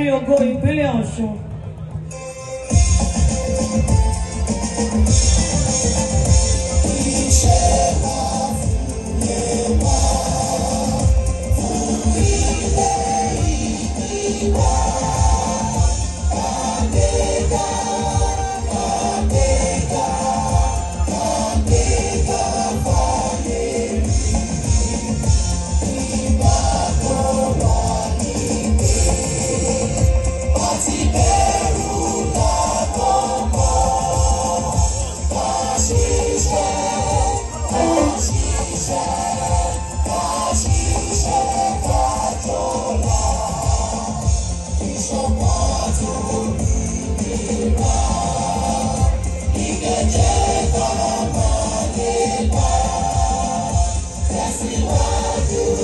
orí ògo ìpínlẹ̀ Ọ̀ṣun. Whoa!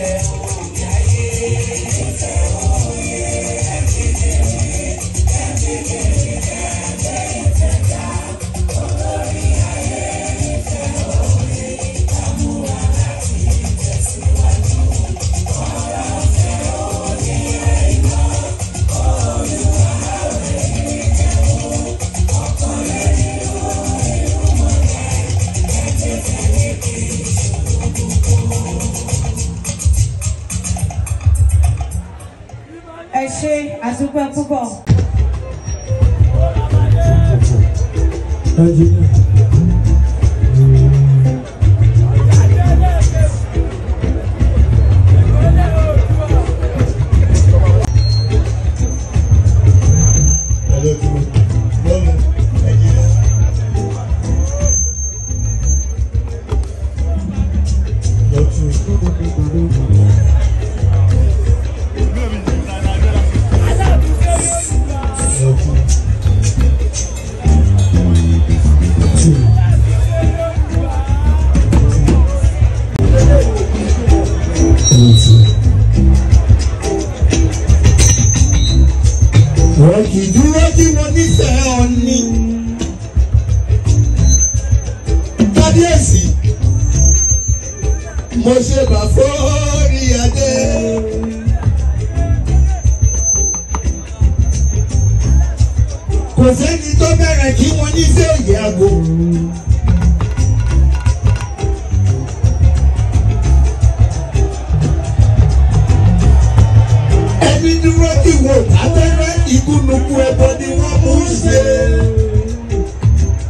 Yeah. ẹ ṣe àdúgbò púpọ̀. kábíyèsí mo ṣe bà fórí adé. kò sẹ́ni tó bẹ̀rẹ̀ kí wọ́n ní sí òye àgbo. ẹni dúró tí wò abẹ́rẹ́ ìkúnnù.